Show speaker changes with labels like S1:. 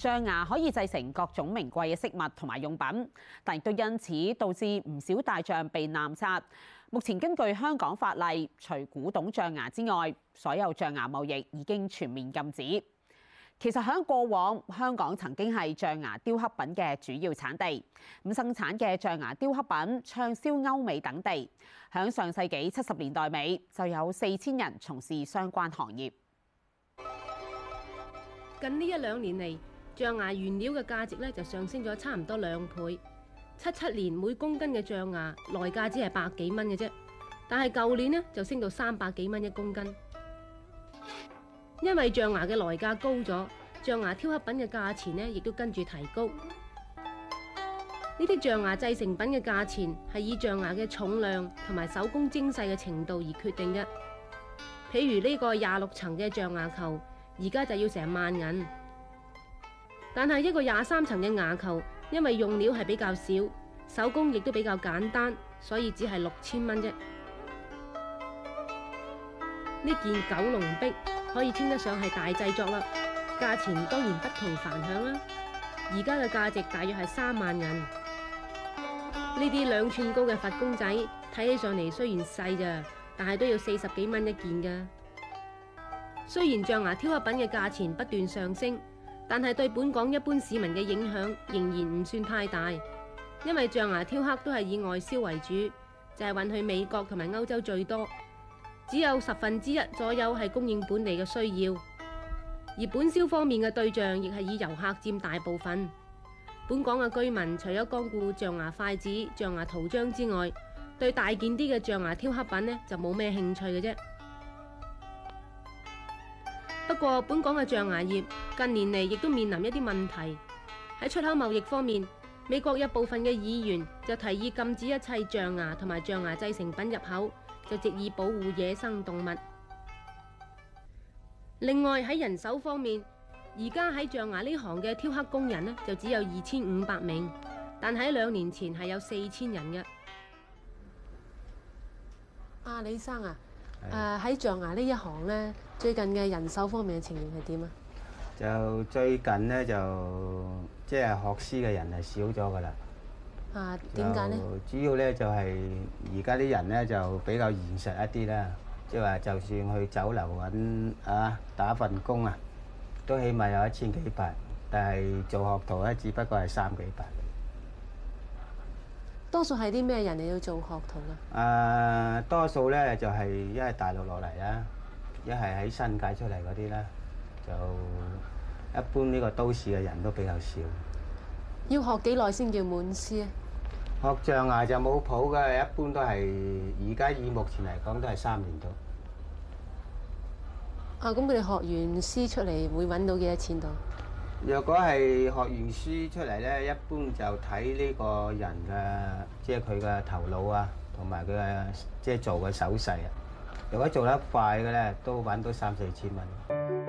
S1: 象牙可以製成各種名貴嘅飾物同埋用品，但亦都因此導致唔少大象被濫殺。目前根據香港法例，除古董象牙之外，所有象牙貿易已經全面禁止。其實喺過往，香港曾經係象牙雕刻品嘅主要產地，咁生產嘅象牙雕刻品暢銷歐美等地。喺上世紀七十年代尾，就有四千人從事相關行業。
S2: 近呢一兩年嚟，象牙原料嘅價值咧就上升咗差唔多兩倍，七七年每公斤嘅象牙來價只係百幾蚊嘅啫，但係舊年呢，就升到三百幾蚊一公斤。因為象牙嘅來價高咗，象牙雕刻品嘅價錢呢，亦都跟住提高。呢啲象牙製成品嘅價錢係以象牙嘅重量同埋手工精細嘅程度而決定嘅。譬如呢個廿六層嘅象牙球，而家就要成萬銀。但係一個廿三層嘅牙球，因為用料係比較少，手工亦都比較簡單，所以只係六千蚊啫。呢件九龍壁可以稱得上係大製作啦，價錢當然不同凡響啦。而家嘅價值大約係三萬銀。呢啲兩寸高嘅佛公仔，睇起上嚟雖然細咋，但係都要四十幾蚊一件噶。雖然象牙雕刻品嘅價錢不斷上升，但係對本港一般市民嘅影響仍然唔算太大，因為象牙雕刻都係以外銷為主，就係、是、運去美國同埋歐洲最多，只有十分之一左右係供應本地嘅需要。而本銷方面嘅對象亦係以遊客佔大部分。本港嘅居民除咗光顧象牙筷子、象牙圖章之外，對大件啲嘅象牙雕刻品呢就冇咩興趣嘅啫。不過，本港嘅象牙業近年嚟亦都面臨一啲問題。喺出口貿易方面，美國一部分嘅議員就提議禁止一切象牙同埋象牙製成品入口，就藉以保護野生動物。另外喺人手方面，而家喺象牙呢行嘅雕刻工人呢，就只有二千五百名，但喺兩年前係有四千人
S3: 嘅。阿李生啊！誒喺、啊、象牙呢一行呢，最近嘅人手方面嘅情形係點啊？
S4: 就最近呢，就即係學師嘅人係少咗噶啦。
S3: 啊？點解呢？
S4: 主要呢，就係而家啲人呢，就比較現實一啲啦，即係話就算去酒樓揾啊打份工啊，都起碼有一千幾百，但係做學徒呢，只不過係三幾百。
S3: 多數係啲咩人嚟要做學徒啊？
S4: 誒、呃，多數咧就係一係大陸落嚟啦，一係喺新界出嚟嗰啲啦，就一般呢個都市嘅人都比較少。
S3: 要學幾耐先叫滿師啊？
S4: 學象牙就冇譜嘅，一般都係而家以目前嚟講都係三年度。
S3: 啊，咁佢哋學完師出嚟會揾到幾多錢度？
S4: 若果係學完書出嚟咧，一般就睇呢個人嘅，即係佢嘅頭腦啊，同埋佢嘅即係做嘅手勢啊。如果做得快嘅咧，都揾到三四千蚊。